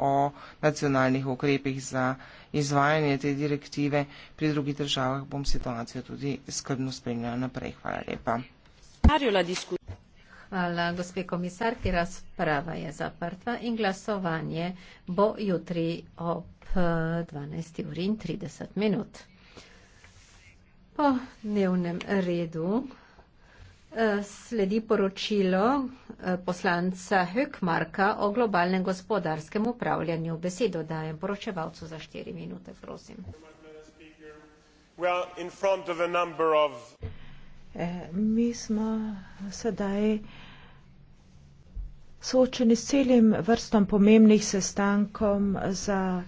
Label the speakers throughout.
Speaker 1: o nacionalnih ukrepih za izvajanje te direktive pri drugih državah, bom situacijo tudi skrbno spremljala naprej. Hvala lepa.
Speaker 2: Hvala, gospe komisarki. Razprava je zaprta in glasovanje bo jutri ob 12.30 minut. Po dnevnem redu. Eh, sledi poročilo eh, poslanca Hökmarka o globalnem gospodarskem upravljanju. Besedo dajem poročevalcu za štiri minute, prosim.
Speaker 1: Eh, mi smo sedaj soočeni s celim vrstom pomembnih sestankom za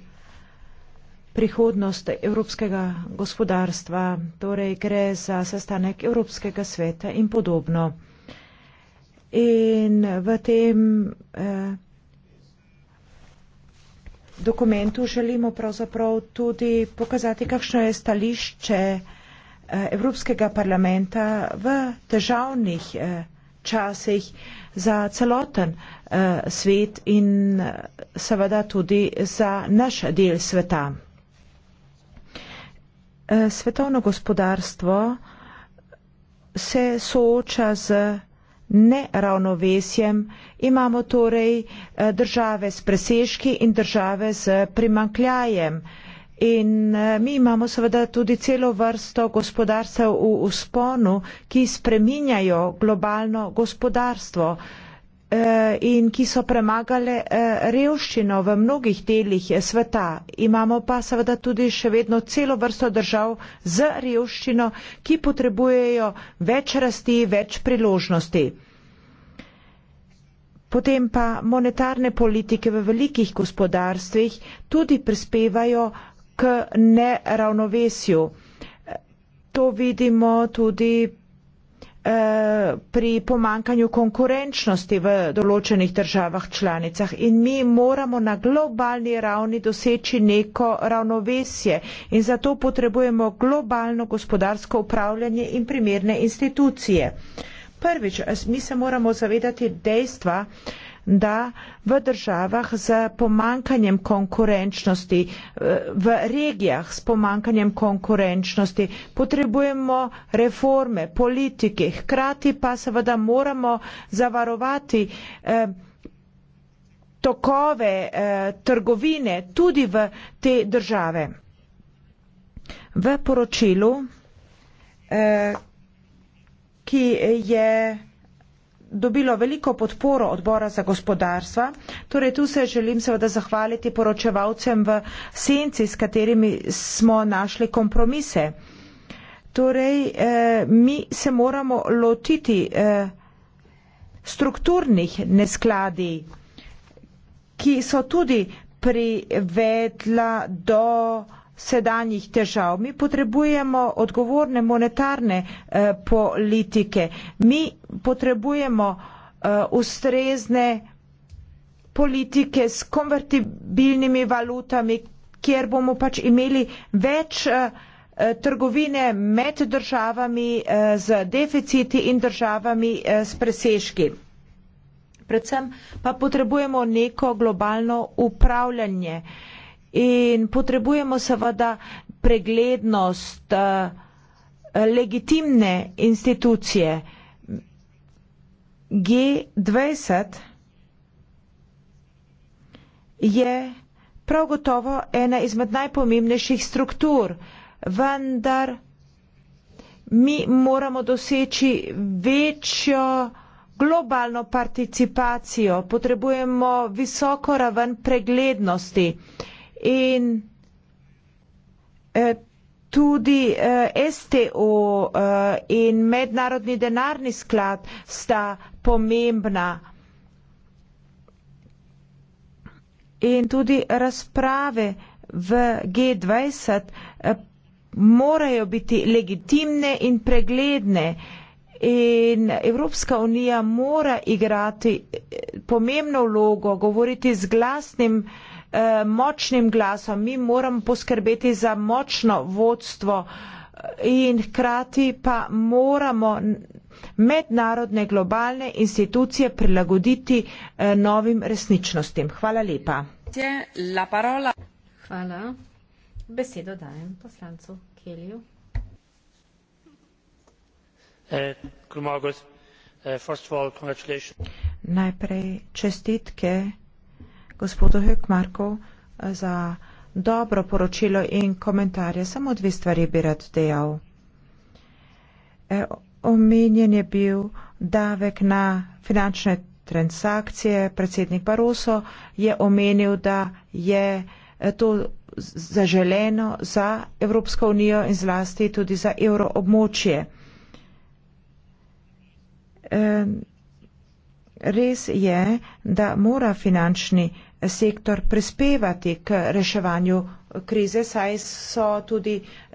Speaker 1: prihodnost evropskega gospodarstva, torej gre za sestanek Evropskega sveta in podobno. In v tem eh, dokumentu želimo pravzaprav tudi pokazati, kakšno je stališče eh, Evropskega parlamenta v težavnih eh, časih za celoten eh, svet in eh, seveda tudi za naš del sveta. Eh, svetovno gospodarstvo se sooča z neravnovesjem. Imamo torej eh, države s presežki in države z primankljajem. In eh, mi imamo seveda tudi celo vrsto gospodarstv v usponu, ki spreminjajo globalno gospodarstvo. Eh, in ki so premagale eh, revščino v mnogih delih eh, sveta. Imamo pa seveda tudi še vedno celo vrsto držav z revščino, ki potrebujejo več rasti, več priložnosti. Potem pa monetarne politike v velikih gospodarstvih tudi prispevajo k neravnovesju. To vidimo tudi Eh, pri pomankanju konkurenčnosti v določenih državah članicah in mi moramo na globalni ravni doseči neko ravnovesje in zato potrebujemo globalno gospodarsko upravljanje in primerne institucije. Prvič, mi se moramo zavedati dejstva, da v državah z pomankanjem konkurenčnosti, eh, v regijah s pomankanjem konkurenčnosti potrebujemo reforme, politike, hkrati pa seveda moramo zavarovati eh, tokove eh, trgovine tudi v te države. V poročilu, ki je dobilo veliko podporo odbora za gospodarstva. Torej, tu se želim seveda zahvaliti poročevalcem v senci, s katerimi smo našli kompromise. Torej, eh, mi se moramo lotiti eh, strukturnih neskladi, ki so tudi privedla do sedanjih težav. Mi potrebujemo odgovorne monetarne eh, politike. Mi potrebujemo eh, ustrezne politike s konvertibilnimi valutami, kjer bomo pač imeli več eh, eh trgovine med državami eh, z deficiti in državami eh, s presežki. Predvsem pa potrebujemo neko globalno upravljanje. Eh, In potrebujemo seveda preglednost eh, legitimne institucije. G20 je prav gotovo ena izmed najpomembnejših struktur, vendar mi moramo doseči večjo globalno participacijo, potrebujemo visoko raven preglednosti. Uh, in eh, tudi eh, STO eh, in mednarodni denarni sklad sta pomembna. In tudi razprave v G20 morajo biti legitimne in pregledne. In Evropska unija mora igrati pomembno vlogo, govoriti z glasnim uh, Eh, močnim glasom. Mi moramo poskrbeti za močno vodstvo eh, in hkrati pa moramo mednarodne globalne institucije prilagoditi eh, novim resničnostim. Hvala lepa.
Speaker 2: Hvala. Besedo dajem poslancu Kelju.
Speaker 1: Najprej čestitke gospodu Hökmarku eh, za dobro poročilo in komentarje. Samo dve stvari bi rad dejal. E, omenjen je bil davek na finančne transakcije. Predsednik Baroso je omenil, da je eh, to zaželeno za Evropsko unijo in zlasti tudi za evroobmočje. E, Res je, da mora finančni sektor prispevati k reševanju krize, saj so tudi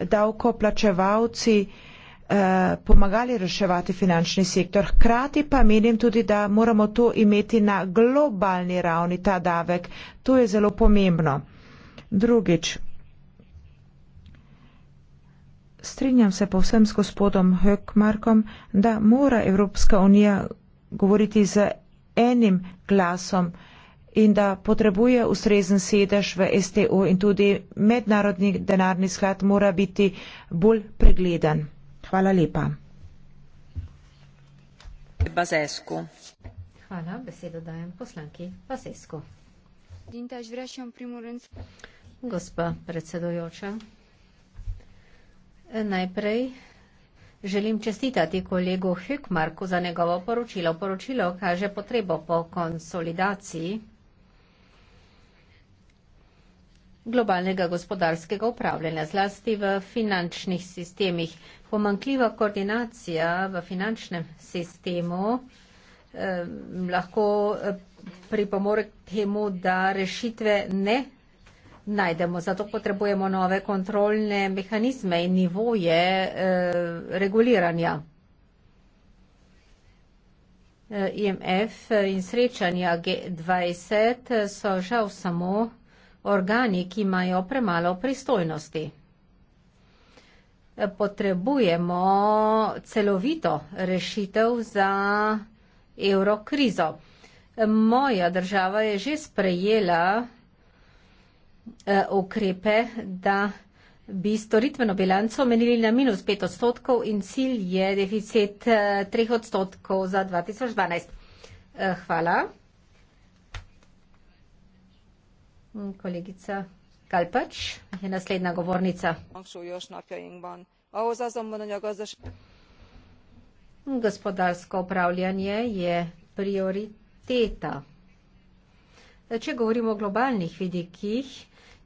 Speaker 1: davkoplačevalci eh, pomagali reševati finančni sektor. Hkrati pa menim tudi, da moramo to imeti na globalni ravni, ta davek. To je zelo pomembno. Drugič, strinjam se povsem s gospodom Höckmarkom, da mora Evropska unija govoriti z enim glasom in da potrebuje ustrezen sedež v STO in tudi mednarodni denarni sklad mora biti bolj pregleden. Hvala lepa.
Speaker 2: Bazesku. Hvala, besedo dajem poslanki Bazesku. Gospa predsedojoča, najprej Želim čestitati kolegu Hükmarku za njegovo poročilo. Poročilo kaže potrebo po konsolidaciji globalnega gospodarskega upravljanja, zlasti v finančnih sistemih. Pomankljiva koordinacija v finančnem sistemu eh, lahko eh, pripomore k temu, da rešitve ne najdemo. Zato potrebujemo nove kontrolne mehanizme in nivoje eh, reguliranja. Eh, IMF in srečanja G20 so žal samo organi, ki imajo premalo pristojnosti. Eh, potrebujemo celovito rešitev za evrokrizo. Moja država je že sprejela Eh, ukrepe, da bi storitveno bilanco omenili na minus 5 odstotkov in cilj je deficit 3 eh, odstotkov za 2012. Eh, hvala. Kolegica Kalpač je naslednja govornica. Gospodarsko upravljanje je prioriteta. Če govorimo o globalnih vidikih,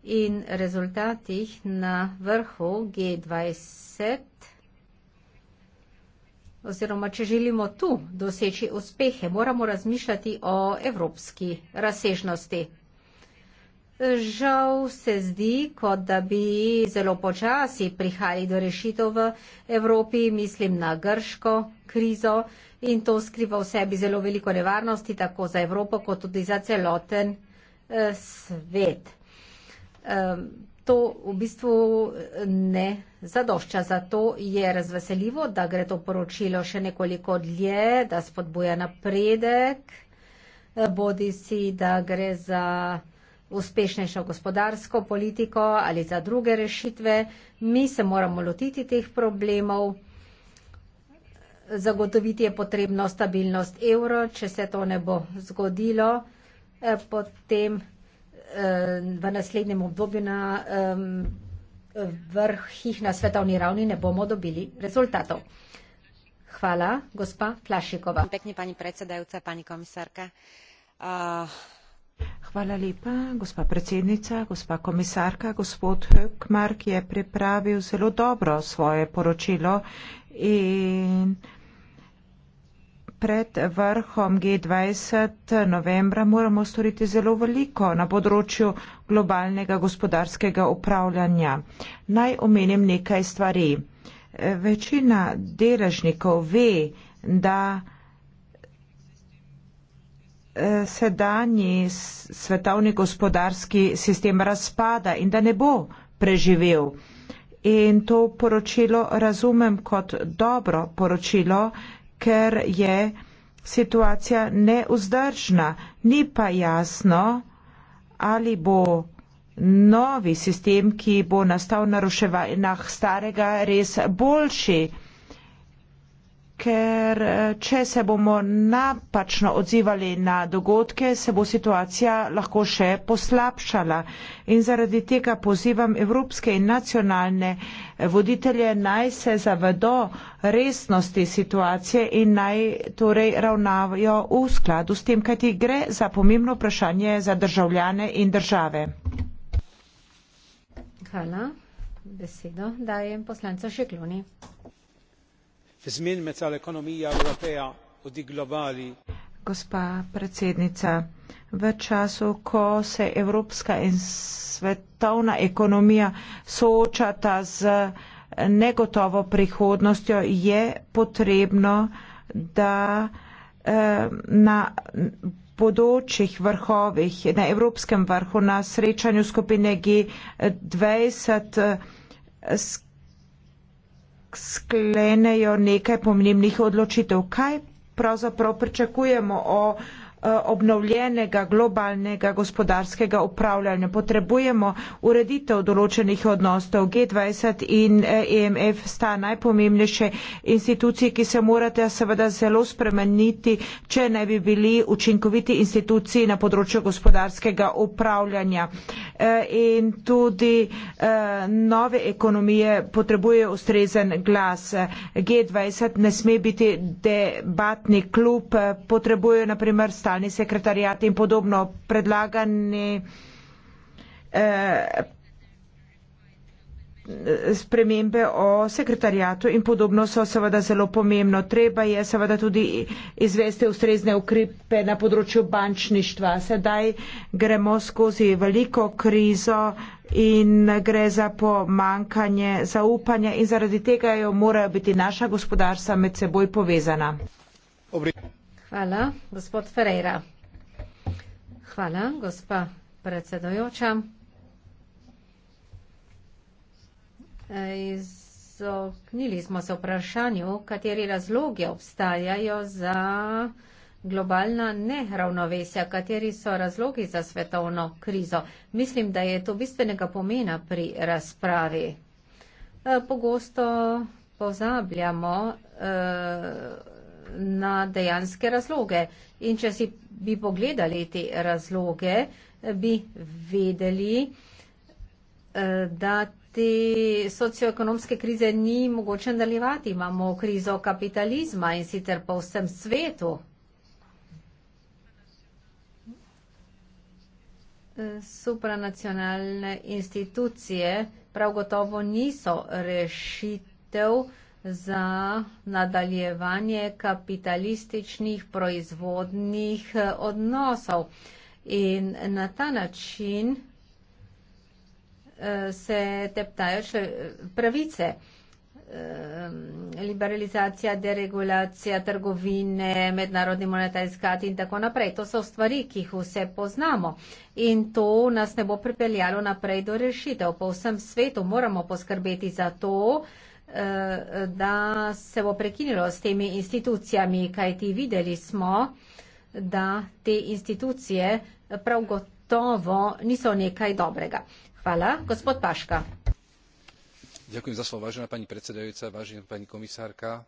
Speaker 2: in rezultatih na vrhu G20, oziroma če želimo tu doseči uspehe, moramo razmišljati o evropski razsežnosti. Žal se zdi, kot da bi zelo počasi prihajali do rešitev v Evropi, mislim na grško krizo in to skriva v sebi zelo veliko nevarnosti, tako za Evropo, kot tudi za celoten eh, svet um, to v bistvu eh, ne zadošča. Zato je razveseljivo, da gre to poročilo še nekoliko dlje, da spodbuja napredek, eh, bodi si, da gre za uspešnejšo gospodarsko politiko ali za druge rešitve. Mi se moramo lotiti teh problemov. Zagotoviti je potrebno stabilnost evro, če se to ne bo zgodilo, eh, potem Eh, v naslednjem obdobju na vrhih na svetovni ravni ne bomo dobili rezultatov. Hvala, gospa Plašikova. Pekni, pani predsedajuca, pani komisarka.
Speaker 1: Uh... Hvala lepa, gospa predsednica, gospa komisarka, gospod Hökmark je pripravil zelo dobro svoje poročilo in pred vrhom G20 novembra moramo storiti zelo veliko na področju globalnega gospodarskega upravljanja. Naj omenim nekaj stvari. Večina deležnikov ve, da eh, sedanji svetovni gospodarski sistem razpada in da ne bo preživel. In to poročilo razumem kot dobro poročilo, ker je situacija neuzdržna. Ni pa jasno, ali bo novi sistem, ki bo nastal na ruševanjah starega, res boljši ker eh, če se bomo napačno odzivali na dogodke, se bo situacija lahko še poslabšala. In zaradi tega pozivam evropske in nacionalne eh, voditelje naj se zavedo resnosti situacije in naj torej ravnajo v skladu s tem, kajti gre za pomembno vprašanje za državljane in države.
Speaker 2: Hvala. Besedo dajem poslancu
Speaker 1: Šekloni gospa predsednica v času ko se evropska in svetovna ekonomija soočata z negotovo prihodnostjo je potrebno da eh, na bodočih vrhovih na evropskem vrhu na srečanju skupine G20 skrbimo za sklenejo nekaj pomembnih odločitev. Kaj pravzaprav pričakujemo o Eh, obnovljenega globalnega gospodarskega upravljanja. Potrebujemo ureditev določenih odnostov. G20 in EMF eh, e sta najpomembnejše institucije, ki se morate seveda zelo spremeniti, če ne bi bili učinkoviti instituciji na področju gospodarskega upravljanja. Eh, in tudi nove ekonomije potrebujejo ustrezen glas. G20 ne sme biti debatni klub, potrebujejo naprimer stavljanje stalni sekretarijat in podobno predlagane eh, spremembe o sekretarijatu in podobno so seveda zelo pomembno. Treba je seveda tudi izvesti ustrezne ukrepe na področju bančništva. Sedaj gremo skozi veliko krizo in gre za pomankanje zaupanja in zaradi tega jo morajo biti naša gospodarstva med seboj povezana. Obri.
Speaker 2: Hvala, gospod Ferreira. Hvala, gospa predsedojoča. Izognili smo se vprašanju, kateri razlogi obstajajo za globalna neravnovesja, kateri so razlogi za svetovno krizo. Mislim, da je to bistvenega pomena pri razpravi. E, pogosto pozabljamo e, na dejanske razloge. In če si bi pogledali te razloge, bi vedeli, eh, da te socioekonomske krize ni mogoče nadaljevati. Imamo krizo kapitalizma in sicer po vsem svetu. Eh, supranacionalne institucije prav gotovo niso rešitev za nadaljevanje kapitalističnih proizvodnih eh, odnosov. In na ta način eh, se teptajo še pravice. Eh, liberalizacija, deregulacija trgovine, mednarodni monetarizkati in tako naprej. To so stvari, ki jih vse poznamo in to nas ne bo pripeljalo naprej do rešitev. Po vsem svetu moramo poskrbeti za to, Eh, da se bo prekinilo s temi institucijami, kajti videli smo, da te institucije prav gotovo niso nekaj dobrega. Hvala. Gospod Paška.
Speaker 1: Ďakujem za slovo, vážená pani predsedajúca, vážená pani komisárka.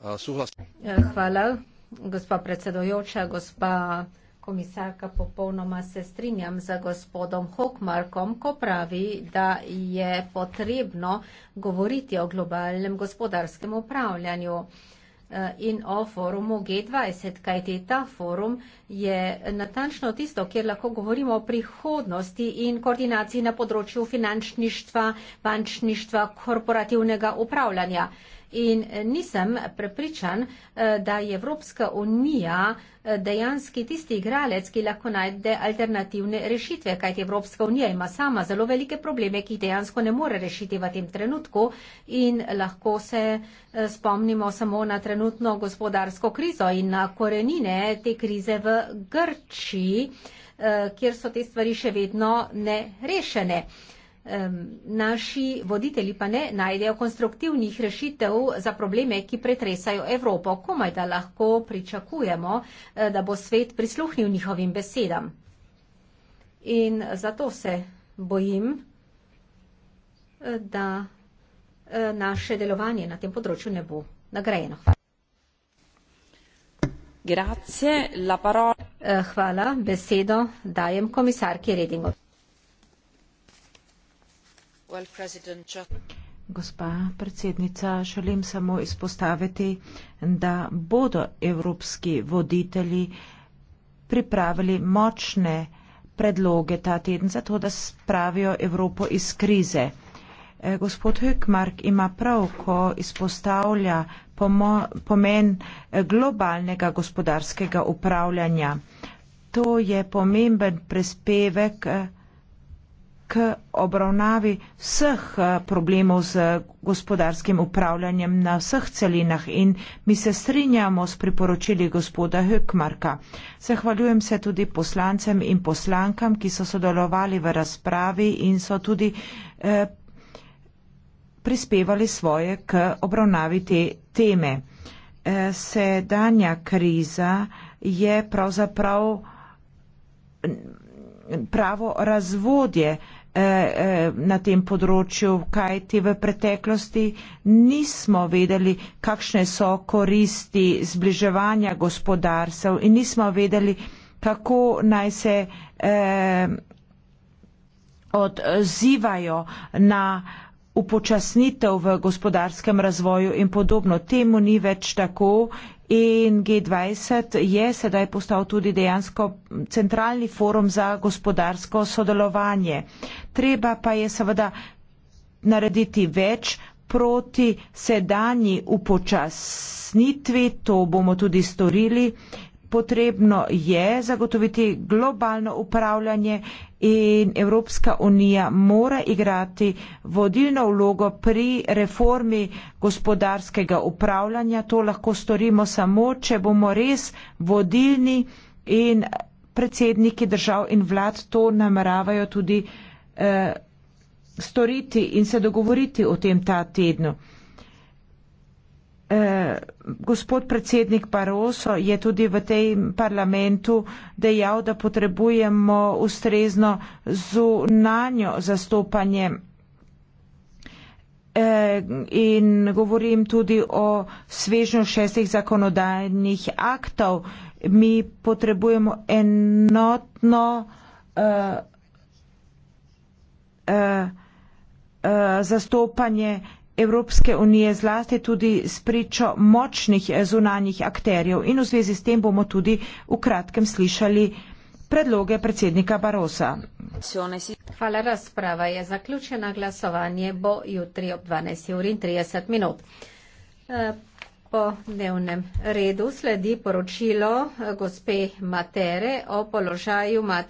Speaker 1: Eh, súhlas... Eh,
Speaker 2: hvala, gospa predsedajúca, gospa komisarka, popolnoma se strinjam za gospodom Hokmarkom, ko pravi, da je potrebno govoriti o globalnem gospodarskem upravljanju eh, in o forumu G20, kajti ta forum je natančno tisto, kjer lahko govorimo o prihodnosti in koordinaciji na področju finančništva, bančništva, korporativnega upravljanja. In eh, nisem prepričan, eh, da je Evropska unija eh, dejanski tisti igralec, ki lahko najde alternativne rešitve, kajti Evropska unija ima sama zelo velike probleme, ki jih dejansko ne more rešiti v tem trenutku in lahko se spomnimo samo na trenutno gospodarsko krizo in na korenine te krize v Grčiji, kjer so te stvari še vedno nerešene naši voditelji pa ne najdejo konstruktivnih rešitev za probleme, ki pretresajo Evropo. Komaj da lahko pričakujemo, eh, da bo svet prisluhnil njihovim besedam. In zato se bojim, eh, da eh, naše delovanje na tem področju ne bo nagrajeno. Hvala. Hvala. Besedo dajem komisarki Redingov.
Speaker 1: Gospa predsednica, želim samo izpostaviti, da bodo evropski voditelji pripravili močne predloge ta teden, zato da spravijo Evropo iz krize. Eh, gospod Hökmark ima prav, ko izpostavlja pomen eh, globalnega gospodarskega upravljanja. To je pomemben prispevek eh, k obravnavi vseh eh, problemov z gospodarskim upravljanjem na vseh celinah in mi se strinjamo s priporočili gospoda Hökmarka. Zahvaljujem se tudi poslancem in poslankam, ki so sodelovali v razpravi in so tudi eh, prispevali svoje k obravnavi te teme. Eh, sedanja kriza je pravzaprav pravo razvodje eh, Eh, eh, na tem področju, kaj ti v preteklosti nismo vedeli, kakšne so koristi zbliževanja gospodarstv in nismo vedeli, kako naj se eh, odzivajo na upočasnitev v gospodarskem razvoju in podobno. Temu ni več tako in G20 je sedaj postal tudi dejansko centralni forum za gospodarsko sodelovanje. Treba pa je seveda narediti več proti sedanji upočasnitvi, to bomo tudi storili potrebno je zagotoviti globalno upravljanje in Evropska unija mora igrati vodilno vlogo pri reformi gospodarskega upravljanja. To lahko storimo samo, če bomo res vodilni in predsedniki držav in vlad to nameravajo tudi eh, storiti in se dogovoriti o tem ta tednu gospod predsednik Paroso je tudi v tej parlamentu dejal, da potrebujemo ustrezno zunanjo zastopanje. E, in govorim tudi o svežnju šestih zakonodajnih aktov. Mi potrebujemo enotno uh, uh, uh, zastopanje uh, Evropske unije zlasti tudi s pričo močnih eh, zunanjih akterjev in v zvezi s tem bomo tudi v kratkem slišali predloge predsednika Barosa.
Speaker 2: Hvala, razprava je zaključena, glasovanje bo jutri ob 12.30 minut. Eh, po dnevnem redu sledi poročilo eh, gospe Matere o položaju Matere.